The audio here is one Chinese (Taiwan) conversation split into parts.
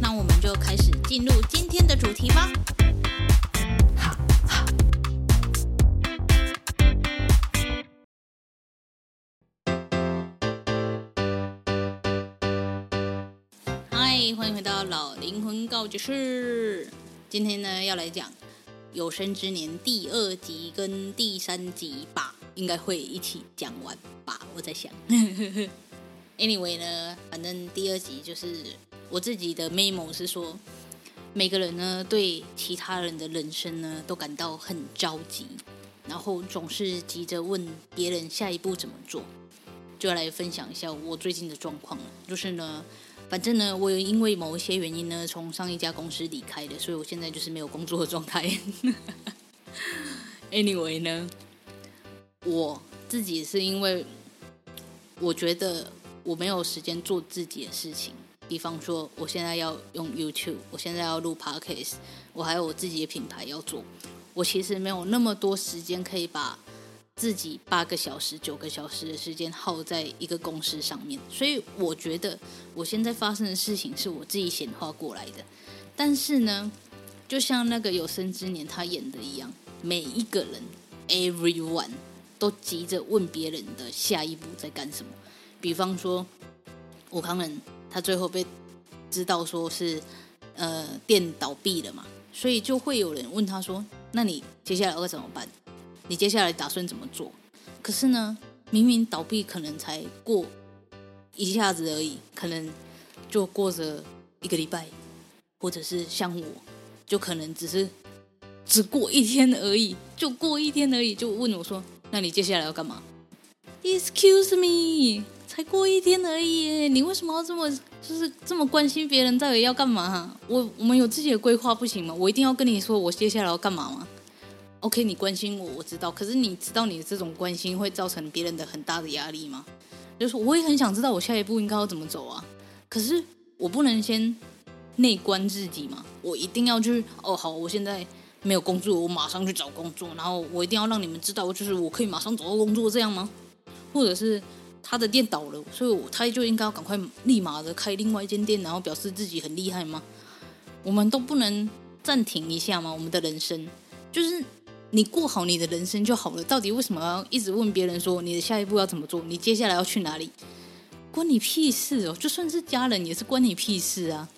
那我們就開始進入今天的主題吧。好，嗨，歡迎回到老靈魂告解室。今天呢，要來講《有生之年》第二集跟第三集吧，應該會一起講完吧？我在想。 Anyway 呢，反正第二集就是。我自己的 memo 是說，每個人呢對其他人的人生呢都感到很着急，然後總是急着問別人下一步怎麼做。就來分享一下我最近的狀況就是呢，反正呢，我也因為某一些原因呢，從上一家公司離開的，所以我現在就是沒有工作的狀態。 anyway 呢，我自己是因為我覺得我沒有時間做自己的事情。比方說，我現在要用 YouTube，我現在要錄 Podcast，我還有我自己的品牌要做。我其實沒有那麼多時間，可以把自己八個小時、九個小時的時間耗在一個公司上面。所以我覺得，我現在發生的事情是我自己顯化過來的。但是呢，就像那個有生之年他演的一樣，每一個人 Everyone 都急着問別人的下一步在幹什麼。比方說，我看人。他最後被知道說是呃店倒閉了嘛，所以就會有人問他說：“那你接下來要怎麼辦？你接下來打算怎麼做？”可是呢，明明倒閉可能才過一下子而已，可能就過着一個禮拜，或者是像我，就可能只是只過一天而已，就過一天而已，就問我說：“那你接下來要幹嘛？”Excuse me。才過一天而已，你為什麼要這麼就是這麼關心別人到底要幹嘛啊？我我們有自己的規劃，不行嗎？我一定要跟你說我接下來要幹嘛嗎？OK，你關心我我知道，可是你知道你的這種關心會造成別人的很大的壓力嗎？就是我也很想知道我下一步應該要怎麼走啊，可是我不能先內觀自己嘛，我一定要去哦。好，我現在沒有工作，我馬上去找工作，然後我一定要讓你們知道，就是我可以馬上找到工作這樣嗎？或者是？他的店倒了，所以我，他就應該要趕快立馬的開另外一間店，然後表示自己很厲害嗎？我們都不能暫停一下嗎？我們的人生就是你過好你的人生就好了。到底為什麼要一直問別人說你的下一步要怎麼做？你接下來要去哪裡？關你屁事哦！就算是家人也是關你屁事啊！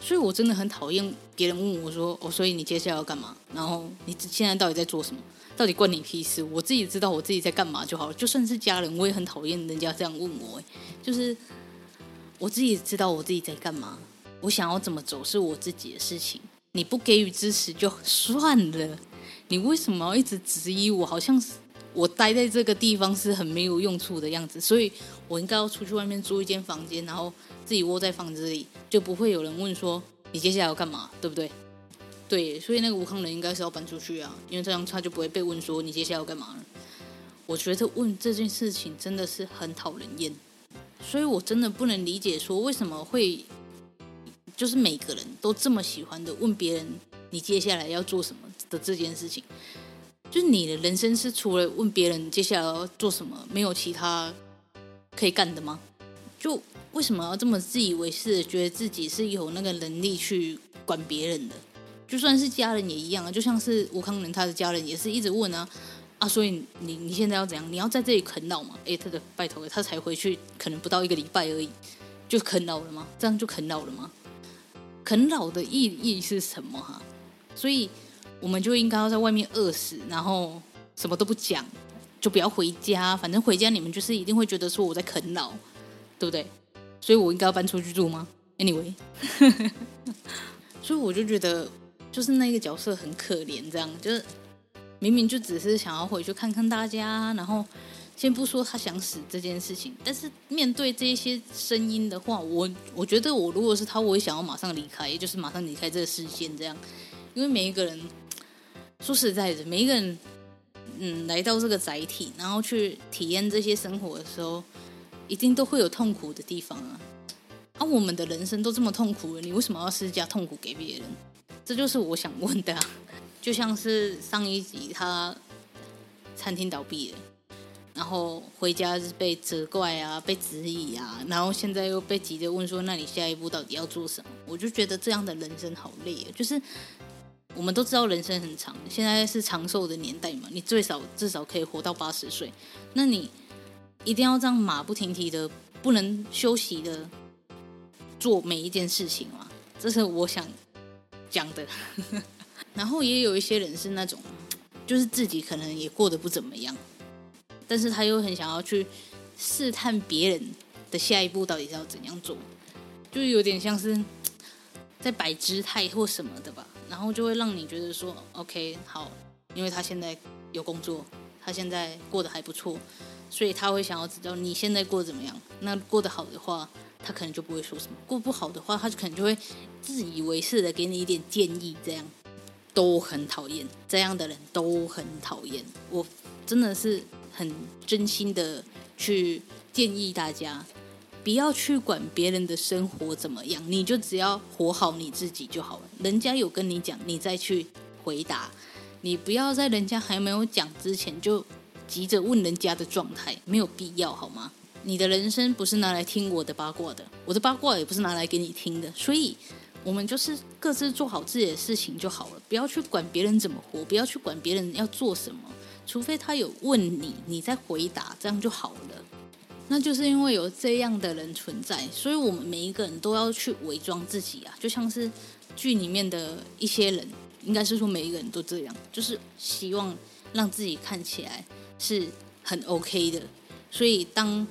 所以我真的很討厭別人問我說哦，所以你接下來要幹嘛？然後你現在到底在做什麼？到底關你屁事？我自己知道我自己在幹嘛就好了。就算是家人，我也很討厭人家這樣問我。就是我自己知道我自己在幹嘛，我想要怎麼走是我自己的事情。你不給予支持就算了，你為什麼要一直質疑我？好像我待在這個地方是很沒有用處的樣子，所以我應該要出去外面租一間房間，然後自己窩在房子裡，就不會有人問說你接下來要幹嘛，對不對？對，所以那個吳慷仁應該是要搬出去啊，因為這樣他就不會被問說你接下來要幹嘛了。我覺得問這件事情真的是很討人厭，所以我真的不能理解說，為什麼會就是每個人都這麼喜歡的問別人你接下來要做什麼的這件事情，就是你的人生是除了問別人接下來要做什麼沒有其他可以幹的嗎？就為什麼要這麼自以為是，覺得自己是有那個能力去管別人的？就算是家人也一樣啊，就像是吳康仁他的家人也是一直問啊啊，所以你你現在要怎樣？你要在這裡啃老嗎？哎，他的拜托他才回去，可能不到一個禮拜而已，就啃老了嗎？這樣就啃老了嗎？啃老的意義是什麼啊？所以我們就應該要在外面餓死，然後什麼都不講，就不要回家。反正回家你們就是一定會覺得說我在啃老，對不對？所以我應該要搬出去住嗎？Anyway， 所以我就覺得。就是那個角色很可憐，這樣就是明明就只是想要回去看看大家，然後先不說他想死這件事情，但是面對這些聲音的話，我我覺得我如果是他，我也想要馬上離開，也就是馬上離開這個世界，這樣，因為每一個人說實在的，每一個人嗯來到這個載體，然後去體驗這些生活的時候，一定都會有痛苦的地方啊！啊，我們的人生都這麼痛苦了，你為什麼要施加痛苦給別人？這就是我想問的啊，就像是上一集他餐廳倒閉了，然後回家是被責怪啊，被質疑啊，然後現在又被急着問說，那你下一步到底要做什麼？我就覺得這樣的人生好累啊！就是我們都知道人生很長，現在是長壽的年代嘛，你最少至少可以活到八十歲，那你一定要這樣馬不停蹄的、不能休息的做每一件事情嘛啊。這是我想講的，然後也有一些人是那種，就是自己可能也過得不怎麼樣，但是他又很想要去試探別人的下一步到底是要怎樣做，就有點像是在擺姿態或什麼的吧，然後就會讓你覺得說，OK，好，因為他現在有工作，他現在過得還不錯。所以他會想要知道你現在過得怎麼樣。那過得好的話，他可能就不會說什麼；過不好的話，他可能就會自以為是的給你一點建議。這樣都很討厭，這樣的人都很討厭。我真的是很真心的去建議大家，不要去管別人的生活怎麼樣，你就只要活好你自己就好了。人家有跟你講，你再去回答。你不要在人家還沒有講之前就。急着問人家的狀態，沒有必要好嗎？你的人生不是拿來聽我的八卦的，我的八卦也不是拿來給你聽的。所以，我們就是各自做好自己的事情就好了，不要去管別人怎麼活，不要去管別人要做什麼，除非他有問你，你再回答，這樣就好了。那就是因為有這樣的人存在，所以我們每一個人都要去偽裝自己啊，就像是劇裡面的一些人，應該是說每一個人都這樣，就是希望讓自己看起來。是很 OK 的，所以當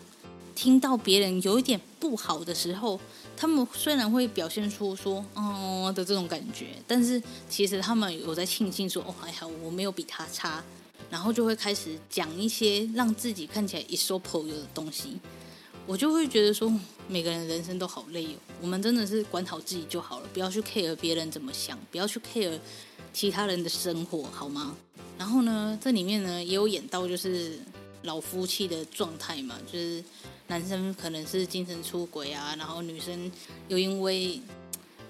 聽到別人有一點不好的時候，他們雖然會表現出說“哦、嗯”的這種感覺，但是其實他們有在慶幸說“哦還好、哎、我沒有比他差”，然後就會開始講一些讓自己看起來 i s o p e 的東西。我就會覺得說，每個人人生都好累哦，我們真的是管好自己就好了，不要去 care 別人怎麼想，不要去 care 其他人的生活，好嗎？然後呢，這裡面呢也有演到，就是老夫妻的狀態嘛，就是男生可能是精神出軌啊，然後女生又因為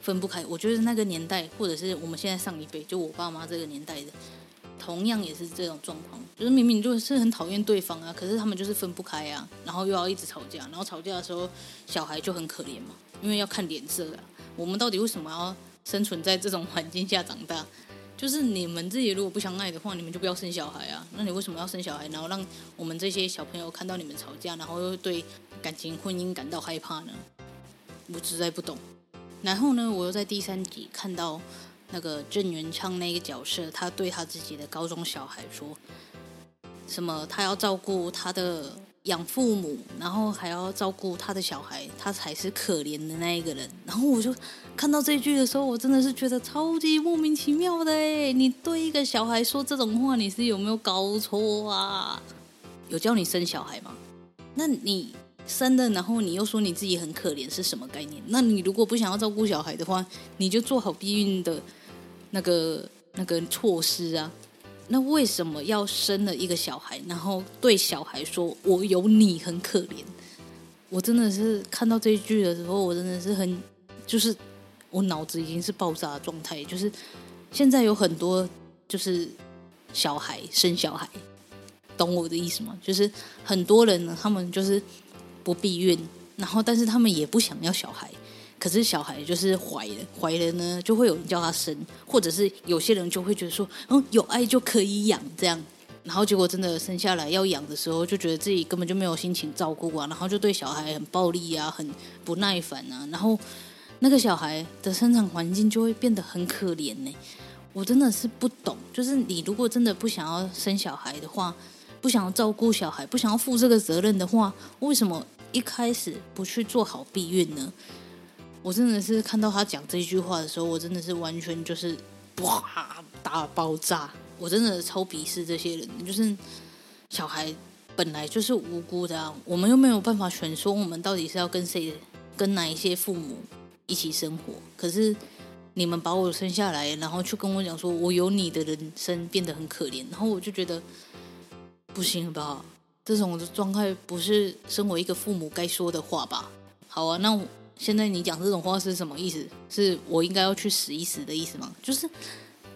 分不開。我覺得那個年代，或者是我們現在上一輩，就我爸媽這個年代的，同樣也是這種狀況，就是明明就是很討厭對方啊，可是他們就是分不開啊，然後又要一直吵架，然後吵架的時候小孩就很可憐嘛，因為要看臉色。我們到底為什麼要生存在這種環境下長大？就是你們自己如果不相愛的話，你們就不要生小孩啊！那你為什麼要生小孩，然後讓我們這些小朋友看到你們吵架，然後又對感情婚姻感到害怕呢？我實在不懂。然後呢，我又在第三集看到那個鄭元暢那個角色，他對他自己的高中小孩說什麼，他要照顧他的。養父母，然後還要照顧他的小孩，他才是可憐的那一個人。然後我就看到這句的時候，我真的是覺得超級莫名其妙的哎！你對一個小孩說這種話，你是有沒有搞錯啊？有叫你生小孩嗎？那你生了，然後你又說你自己很可憐，是什麼概念？那你如果不想要照顧小孩的話，你就做好避孕的那個那個措施啊！那為什麼要生了一個小孩，然後對小孩說“我有你很可憐”？我真的是看到這一句的時候，我真的是很就是我腦子已經是爆炸的狀態。就是現在有很多就是小孩生小孩，懂我的意思嗎？就是很多人呢，他們就是不避孕，然後但是他們也不想要小孩。可是小孩就是懷了，懷了呢，就會有人叫他生，或者是有些人就會覺得說，嗯，有愛就可以養這樣，然後結果真的生下來要養的時候，就覺得自己根本就沒有心情照顧啊，然後就對小孩很暴力啊，很不耐煩啊，然後那個小孩的生長環境就會變得很可憐呢、欸。我真的是不懂，就是你如果真的不想要生小孩的話，不想要照顧小孩，不想要負這個責任的話，為什麼一開始不去做好避孕呢？我真的是看到他講這句話的時候，我真的是完全就是哇，大爆炸！我真的超鄙視這些人，就是小孩本來就是無辜的，我們又沒有辦法選說我們到底是要跟誰、跟哪一些父母一起生活。可是你們把我生下來，然後就跟我講說，我有你的人生變得很可憐，然後我就覺得不行吧？這種的狀態不是身為一個父母該說的話吧？好啊，那我。現在你講這種話是什麼意思？是我應該要去死一死的意思嗎？就是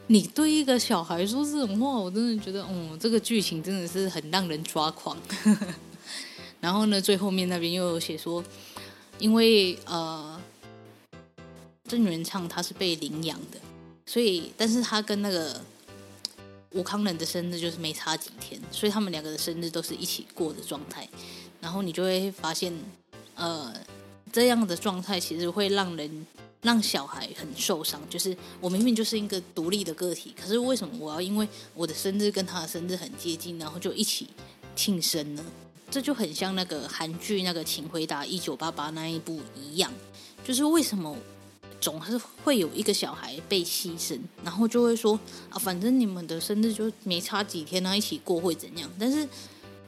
你對一個小孩說這種話，我真的覺得，嗯、哦，這個劇情真的是很讓人抓狂。 然後呢，最後面那邊又有寫說，因為呃，鄭元暢他是被領養的，所以但是他跟那個吳慷仁的生日就是沒差幾天，所以他們兩個的生日都是一起過的狀態。然後你就會發現，呃。這樣的狀態其實會讓人，讓小孩很受傷，就是我明明就是一個獨立的個體，可是為什麼我要因為我的生日跟他的生日很接近，然後就一起慶生呢？這就很像那個韓劇那個《請回答一九八八》那一部一樣，就是為什麼總是會有一個小孩被犧牲，然後就會說啊，反正你們的生日就沒差幾天呢，然後一起過會怎樣？但是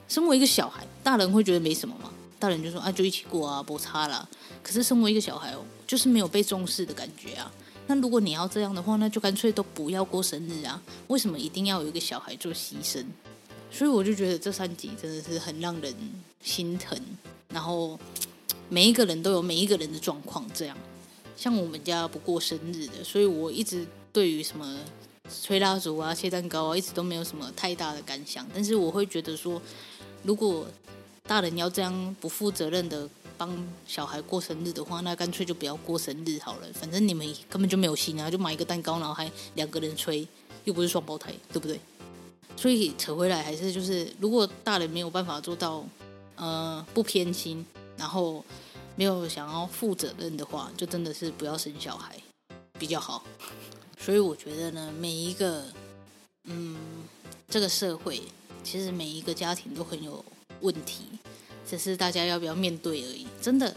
身為一個小孩，大人會覺得沒什麼嗎？大人就說啊，就一起過啊，沒差啦。可是身為一個小孩哦，就是沒有被重視的感覺啊。那如果你要這樣的話，那就乾脆都不要過生日啊。為什麼一定要有一個小孩做犧牲？所以我就覺得這三集真的是很讓人心疼。然後每一個人都有每一個人的狀況這樣。像我們家不過生日的，所以我一直對於什麼吹蠟燭啊、切蛋糕啊，一直都沒有什麼太大的感想。但是我會覺得說，如果大人要這樣不負責任的幫小孩過生日的話，那乾脆就不要過生日好了。反正你們根本就沒有心啊，就買一個蛋糕，然後還兩個人吹，又不是雙胞胎，對不對？所以扯回來還是就是，如果大人沒有辦法做到呃不偏心，然後沒有想要負責任的話，就真的是不要生小孩比較好。所以我覺得呢，每一個嗯，這個社會其實每一個家庭都很有問題。只是大家要不要面對而已。真的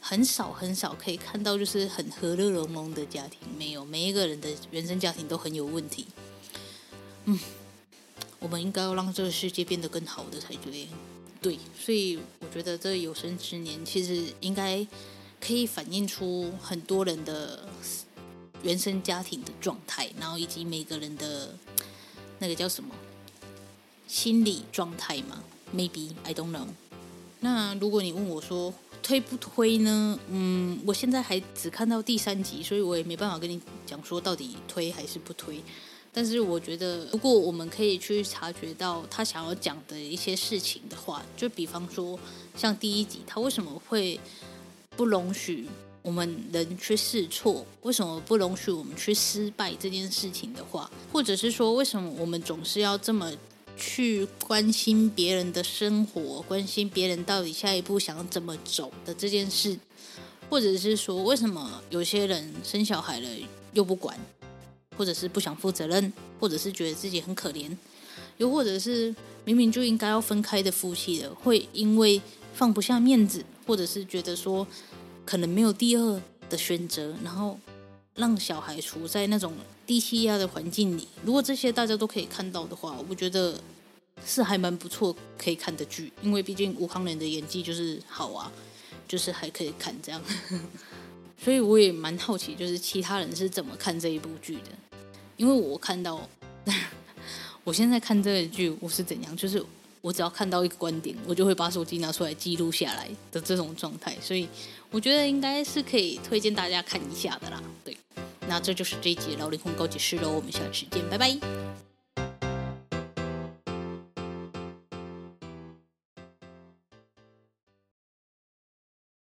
很少很少可以看到，就是很和樂融融的家庭，沒有每一個人的原生家庭都很有問題。嗯，我們應該要讓這個世界變得更好的才對。對，所以我覺得這有生之年其實應該可以反映出很多人的原生家庭的狀態，然後以及每個人的那個叫什麼心理狀態嘛？Maybe I don't know。那如果你問我說推不推呢？嗯，我現在還只看到第三集，所以我也沒辦法跟你講說到底推還是不推。但是我覺得，如果我們可以去察覺到他想要講的一些事情的話，就比方說像第一集，他為什麼會不容許我們人去試錯？為什麼不容許我們去失敗這件事情的話，或者是說為什麼我們總是要這麼……去關心別人的生活，關心別人到底下一步想怎麼走的這件事，或者是說，為什麼有些人生小孩了又不管，或者是不想負責任，或者是覺得自己很可憐，又或者是明明就應該要分開的夫妻了，會因為放不下面子，或者是覺得說可能沒有第二的選擇，然後，讓小孩處在那種低氣壓的環境裡，如果這些大家都可以看到的話，我覺得是還蠻不錯可以看的劇。因為畢竟吳慷仁的演技就是好啊，就是還可以看這樣。 所以我也蠻好奇，就是其他人是怎麼看這一部劇的？因為我看到， 我現在看這個劇，我是怎樣？就是我只要看到一個觀點，我就會把手機拿出來記錄下來的這種狀態。所以我覺得應該是可以推薦大家看一下的啦。對。那這就是這一集《老靈魂告解室》囉，我們下次見，拜拜。